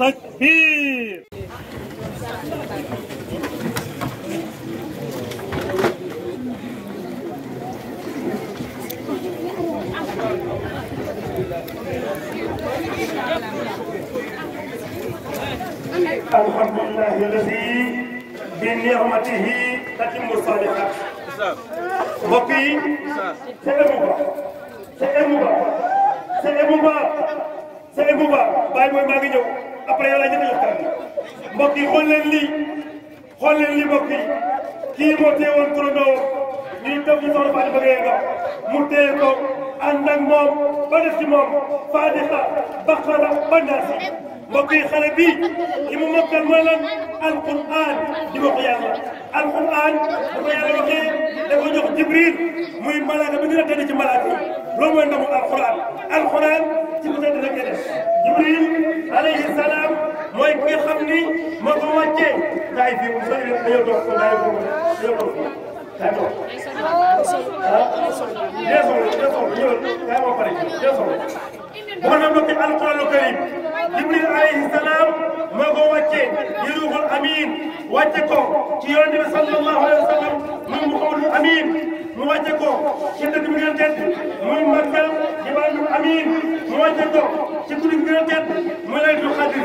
Speaker 1: takbir. الحمد لله الذي بنعمته تتم الصالحات وفي سيبوبا سيبوبا سيبوبا سيبوبا باي موي ماغي نيو après yow laa jëkk a jox kanam mbokk yi xool leen yi kii moo teewoon turandoo ñuy toog ñu soxla Fadi Bagayoko mu téye ko ànd moom ba moom Fatiha Baqara ba Naas mbokk yi mu mokkal mooy lan alquran di wax yàlla alquran bu ko yàlla waxee da ko jox ci lu tedd rek la def Jibril alayhi salaam mooy ki nga xam ni moo ko wàccee daay fii mu sori dañoo toog ko daay boobu dañoo toog ko daay toog
Speaker 4: ah deux soxla deux soxla
Speaker 1: ñëwal daay moo pare deux soxla moo tax mbokk yi alquraanu karim jibril alayhi salaam moo ko wàcce yi ruuxul amin wàcce ko ci sallallahu alayhi wa sallam muy mu xawlul amin ko ci dëkk bi gën a tedd muy Makka di bandul ko ci guddi bi gën a tedd muy laylatul xadr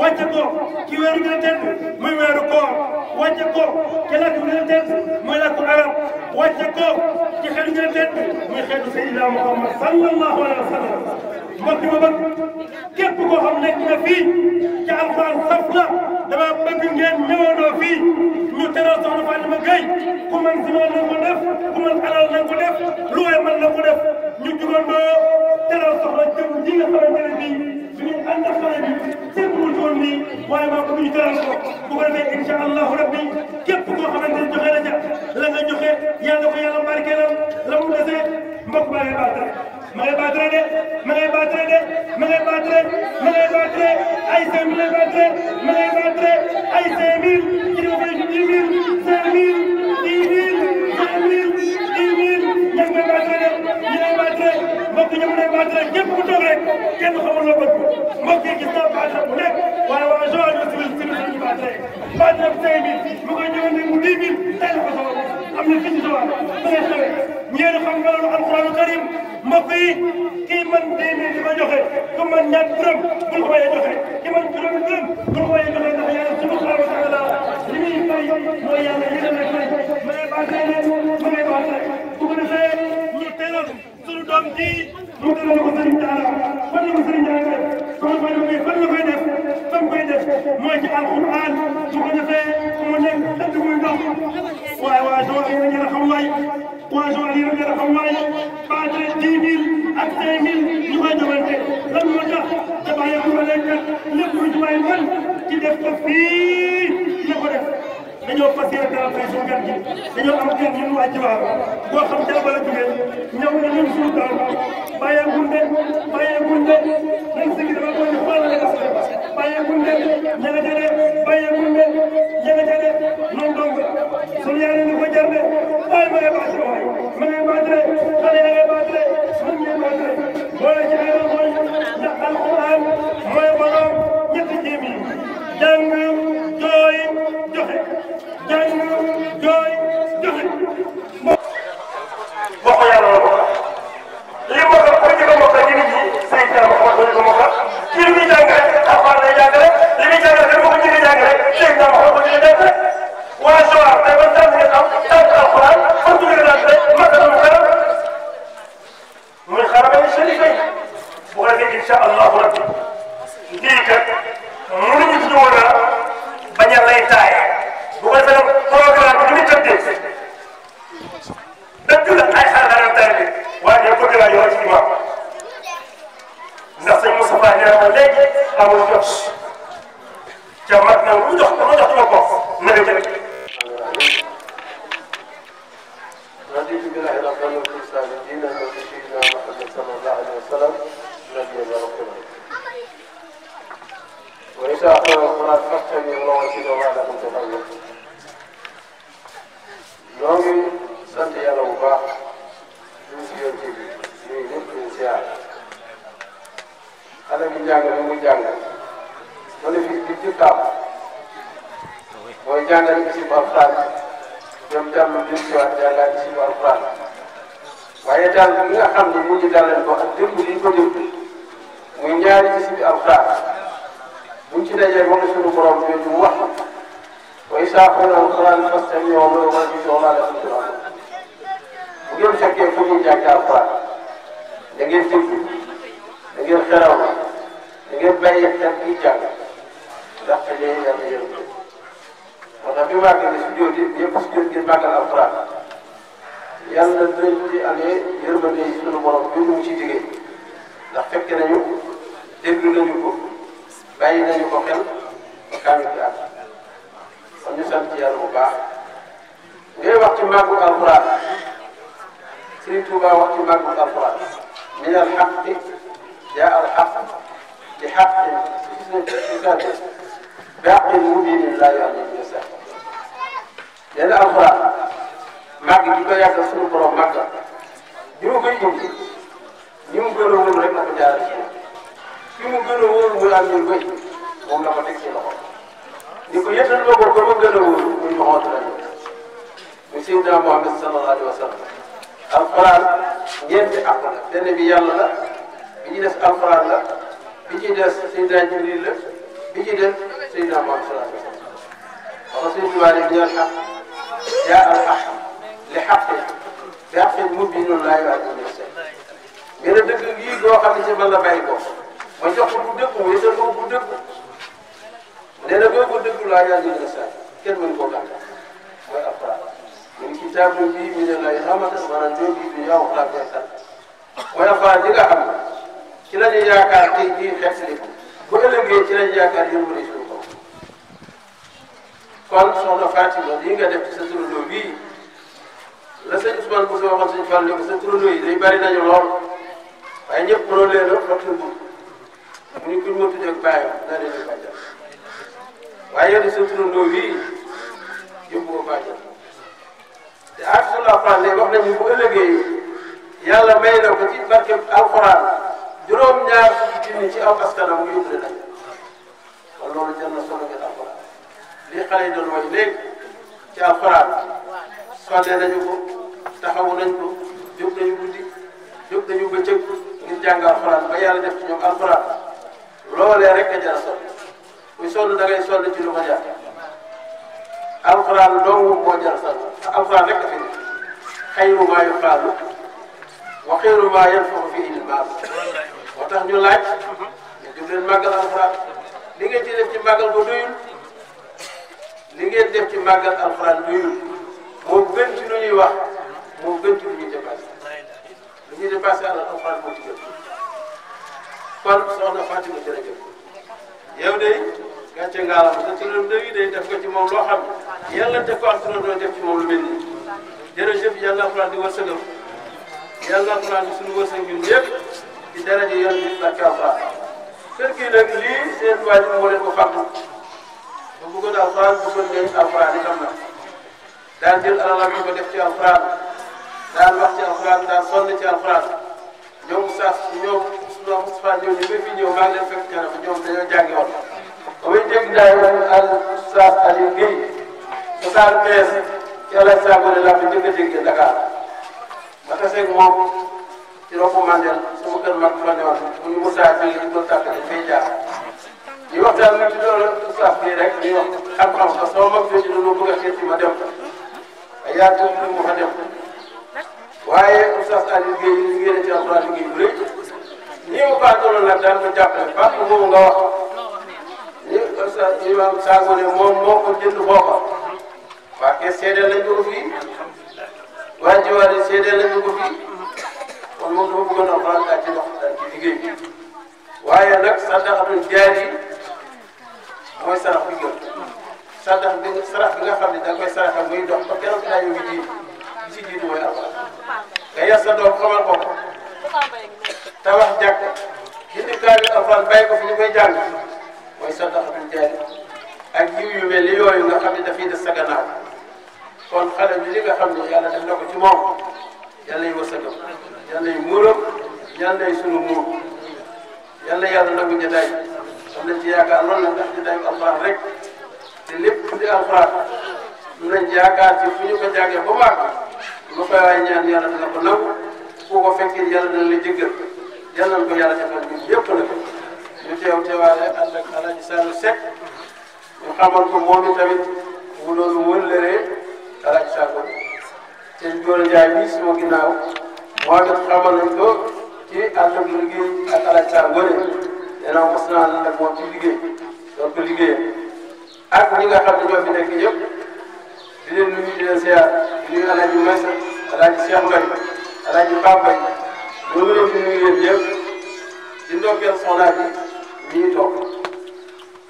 Speaker 1: wàcce ko ci weeru gën a tedd muy weeru koor wàcce ko ci làkk bi gën a tedd muy làkku ko ci xeetu gën a tedd muy xeetu sayyidina sallallahu alayhi wa di ma bëgg képp koo xam nekk nga fii ci alxuraan saf la dama bëgg ngeen ñëwandoo fii ñu teral soxna Fatima Gueye ku man sima na ko def ku man alal na ko def lu waay man na ko def ñu jugandoo teral soxna jëm ji nga xamante ne bii suñu ànd ak xale bi seen wul waaye maa ko ñu teral ko bu ko defee incha allahu rabbi képp koo xamante ne joxe la ja la nga joxe yàlla ko yàlla barkeelam la mu desee mbokk baa ngi baax ma ngay battre de ma ngay battre de ma ngay battre ay 5000 ma ngay battre ma ngay battre ay 5000 ci dama koy 10 000 5000 10 000 5000 10 mbokk ñëpp ne maa tere ñëpp ku toog rek kenn xamul loo bëgg mbokk yi gis naa baatam bu nekk waaye waa Joal ñu sibil sibil ñu baatere baatam cinq mille mu koy ñëwee ne mu dix mille tey la ko sama am na fii ci Joal ba nga xewee ñeent xam nga loolu alxuraanu karim mbokk yi kii man dix mille di ma joxe ku man ñaar dërëm bul ko bayee joxe ki man juróom dërëm bul ko bayee joxe ndax yàlla subhanahu wa taala li muy fay mooy yàlla yëgal na fay ma ne baatere ma ne baatere bu ko defee ñu teeloon sunu doom ji mu delloo ko sëriñ Daara fan la ko sëriñ Daara kon fan la koy fan la koy def fan koy def mooy ci alxuraan su ko defee mu nekk tëdd muy dox waaye waa soo ay rajo xam waay waa soo ay rajo xam waay baatare dix mille ak cinq mille ñu koy jëfante lan moo tax dafa yàqu ba lépp lu ci waay man ci def ko fii dañoo fas yéene dara tey suñu gan gi dañoo am gan ñun waa Jiwaar boo xam a bala jógee ñëw na ñun a dara bàyyeekul a bàyyeekul de dañ si gis dafa ko ñu faale la bàyyeekul de ña nga
Speaker 6: sant yàlla bu baax ngay wax ci màggu alxuraan Sëriñ Tuubaa wax ci màggu alxuraan min al xaqi jaa al xaq li xaqin sisati baqin mubinin laa yàlla ñu sax leen alxuraan màgg gi ko yàgg suñu borom màgg bi mu koy indi ni mu gën a wóor rek la ko jaarale ci fi mu gën a wóor mu am ñu koy moom la ko teg ci loxo di ko yëtal loo ko ba mu gën a wóor muy waxoon na loolu muy Seydina Muhammad sallallahu alayhi wa sallam alquran ñeenti àq la benn bi yàlla la bi ci des alquran la bi ci des Seydina Jibril la bi ci des Seydina Muhammad sallallahu alayhi wa sallam wala suñu tubaab di ñaan xaq jaa al xaq li xaq bi xaq mubinun laa yu'addi min shay nga ne dëgg yii doo xam ne ci man la bàyyi ko ma jox ko bu dëgg wéetal ko bu dëgg nee na boo ko déglu laa yaa jënd saa kenn mën koo gàttal mooy Alxuraan min kitaabin bii mi ne lay xamatan maanaam ñoo ngi fi yow laa koy sant mooy Alxuraan ji nga xam ne ci la ñuy yaakaar tey jii xeet li bu ëllëgee ci la ñuy yaakaar yëngu-yëngu suñu kaw kon soxna Fatima lii nga def ci sa turandoo bii la sëñ Ousmane Bousso waxoon suñu fan ne ko sa turandoo yi day bari nañu lool waaye ñëpp mënoo leen a rafetlu mu ni kuñ ma tuddee ak bàyyam daa leen di bàjjal waaye yow de sa wii yóbbu ko bàjjal te article alxuraan léegi wax nañu bu ëllëgee yàlla may na ko ci barke alxuraan juróom-ñaar fukki junni ci aw askanam mu yóbbu leen kon loolu na solo ngeen alxuraan lii xale yi doon ci alxuraan sonne nañu ko taxawu nañ ko jóg nañu guddi jóg nañu bëccëg ngir jàng alxuraan ba yàlla def ci ñoom alxuraan loolee rek a jar ku sonn da ngay sonn ci lu ko jaar alxuraan doomu moo jar sonn alxuraan rek fi ne xayru maa yuqaalu wa xayru maa yanfaxu fiihi al-baal moo tax ñu laaj ñu jub leen alxuraan li ngeen ci def ci màggal bu doyul li ngeen def ci màggal alxuraan doyul moo gën ci lu ñuy moo gën ci lu ñuy dépassé lu ñuy dépassé àll moo ci gën kon soxna Fatima jërëjëf gàcce ngaala sa turandoo yi def ko ci moom loo xam yàlla def ko ak turandoo def ci moom lu mel nii jërëjëf yàlla alxuraan di wërsëgal yàlla alxuraan di suñu wërsëg ñun yëpp ci daraja yoon bi barke alxuraan kër gi nag lii jël alalam def ci alxuraan daan wax ci alxuraan daan sonn ci alxuraan ñoom saas ñoom suñu Moustapha ñëw ñu ngi fi ñëw maa leen fekk ñaar ñoom dañoo jàngi muy dégg daayira al Oustaz Aliou Guèye Oustaz Bees ci El Hadj Sabaly laa fi njëkk a dégg Dakar ba taseeg moom ci Ropo Mandel sama kër mag fa newoon mu ñu murtaa fii ñu ko tàkk dañ fay jaar ñu waxtaan nag ci loolu Oustaz Guèye rek ñu wax xam-xam parce que sama mag fii ci loolu bëgg a xëcc ma dem ay yaatu lu mu fa dem waaye Oustaz Aliou Guèye liggéey na ci alxuraan liggéey bu rëy nii mu baataloon nag daan ko jàppale parce que boobu nga wax li imam Sango ne moom moo ko jënd foofa waa ke seedeel nañ ko fii waa Jiwaare seedeel nañ ko fii kon moom dafa bëggoon a baal daa ci dox daal ci liggéey bi waaye nag sadaxatul jaari mooy sarax bi gën sadax bi sarax bi nga xam ne da koy saraxal muy dox ba keroog daa ñu ngi ji li ci jiitu mooy alxuraan nga yar sa doom xamal ko tabax jàkk jënd kaamil alxuraan bàyyi ko fi ñu koy jàng. mooy sadaqatul jaariya ak jiw yu mel ni yooyu nga xam ne dafay des sa kon xale bi li nga xam ne yàlla def na ko ci moom yàlla yi wërsëgam yàlla yi muuram yàlla yi sunu muur yàlla yàlla nangu jotaay am nañ ci yaakaar loolu la rek te lépp di alxuraan mun nañ yaakaar ci fu ñu ko jàngee ba mu àgg lu koy waay ñaan yàlla dina ko nangu ku ko fekkee yàlla dina la jéggal yàlla na ko ñu teew teewaale ànd ak Alaaji Saalu Seck ñu xamal ko moom tamit mu doon wëllëree Alaaji Saalu te Njóor Njaay bi suma ginnaaw moo tax xamal nañ ko ci ànd ak liggéey ak Alaaji Saalu wële dina mos naa ànd ak moom ci liggéey donc liggéey ak ñi nga xam ne fi nekk yëpp di leen nuyu di leen ziar di nuyu Alaaji Maysa Alaaji Cheikh Mbay Alaaji Pape Mbay loolu yëpp di nuyu yéen yëpp di ndokkeel soxna bi lii toog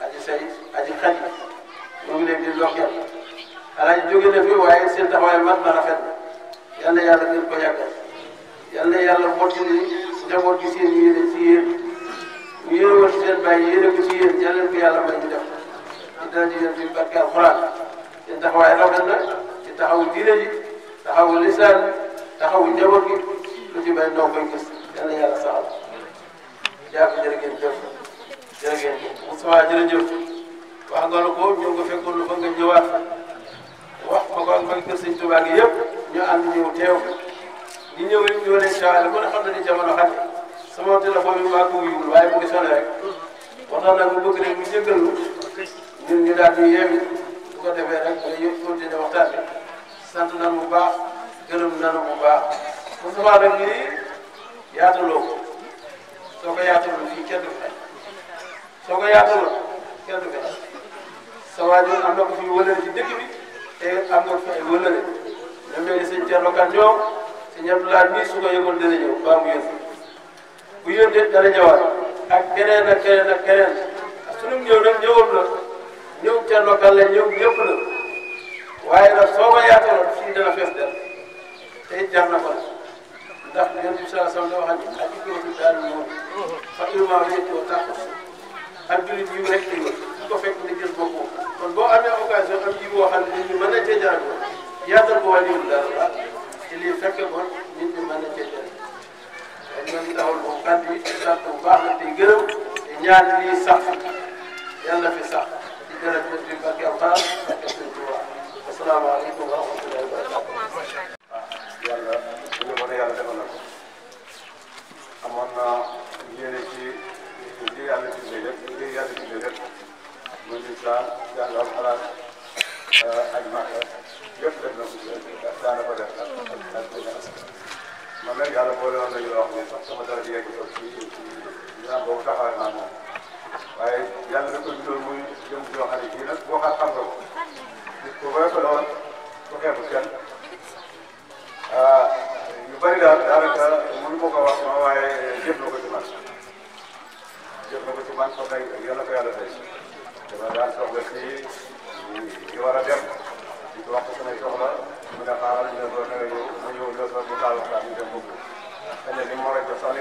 Speaker 6: aji say aji xaj ñu ngi leen di ndokkeel alaaji jóge na fi waaye seen taxawaay mat na rafet na yal na yàlla gën ko yàggal yal na yàlla mottali njaboot gi seen yéene ci yéen ñu yéene woon ci seen bàyyi yéene ko ci yéen yal leen ko yàlla may ñu def ci dara ji yéen bi barke alxuraan seen taxawaay rafet na ci taxawu diine ji taxawu lisaan taxawu njaboot gi lu ci bay ndoo koy gis yal na yàlla saxal jàpp jërë ngeen jëf
Speaker 1: jërëjëf
Speaker 6: Moustapha jërëjëf wax nga ko ñu ngi ko fekkoon lu fa nga ñëwaat wax nga ko ak mag kër sëñ Tuubaa gi yëpp ñu ànd ñëw teew ñu a sama téléphone bi maa ko wuyul waaye mu ngi sonné rek wax na ñu daal di yéemi su ko defee rek day yëpp continué waxtaan bi sant nañu bu baax gërëm nañu bu baax Moustapha nag lii yaataloo ko soo ko yaataloo fii kenn soo ko yaakaaroon kenn du ko def sa waajur am na ko fi wëlale ci dëkk bi te am na ko fi ay wëlale lu mel ni sëñ Thierno Kane ñoom sëñ Abdoulaye mii su ko yëgoon dana ñëw baa mu yëngu bu yëndee dana ñëwaat ak keneen ak keneen ak keneen na ñëw Thierno Kane la ñëw ñëpp na waaye nag soo ko yaakaaroon fii dana fees del te it jar na ko ndax yéen incha allah sama waxal ak ci kër gi ak jullit yiw rek lañ wër su ko fekk nga jël boppam kon boo amee occasion am yiw woo xam ne nit ñi mën na cee jaarale yaatal ko waa Léone Dara te lii fekk bon nit ñi mën na cee jaarale. kon ñooñu taxul moom kàddu yi sant bu baax la tey gërëm te ñaan lii sax yàlla fi sax di gërëm ñoom di barke am xaar ak seen tubaab asalaamaaleykum wa rahmatullahi wa barakatuh. waaw ah, yàlla bu ñu mën a yàlla defal
Speaker 7: na ko amoon yàgg di def muy lislam jàngal xalaat euh, ak Makka yëpp def na ko daana ko def ak man nag yàlla boole woon nañu loo xam ne sax sama dara di yegg toog ci ñaar boobu taxawaay naa moom waaye yàlla dafa doon muy jëm joo xam ne kii nag boo xam xam nga ko nit ku bëri ko lool ku xeebu kenn euh, yu bëri daal daanaka mënu ma ko wax ma waaye jëf na ko ci man jot na ko ci man soxna yal na ko yàlla fay dama daan soxla fii ñu war a dem di ko wax ko samay soxla mu ne xaaral ñu ne ko ne yow mu ñëw ne ko mu taal waxtaan ñu dem bëgg te ne ni mu war a jox sax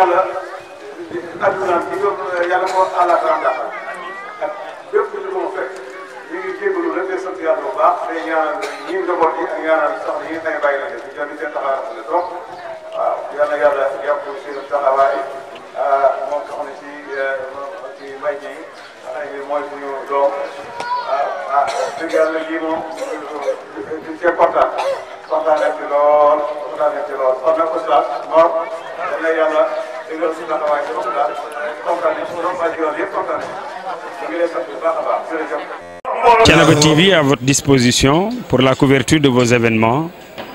Speaker 7: yàlla
Speaker 1: Louga TV à disposition pour la couverture de vos événements,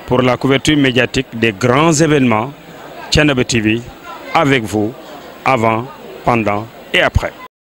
Speaker 1: pour la couverture médiatique des grands événements. Thiénaba TV avec vous, avant, pendant et après.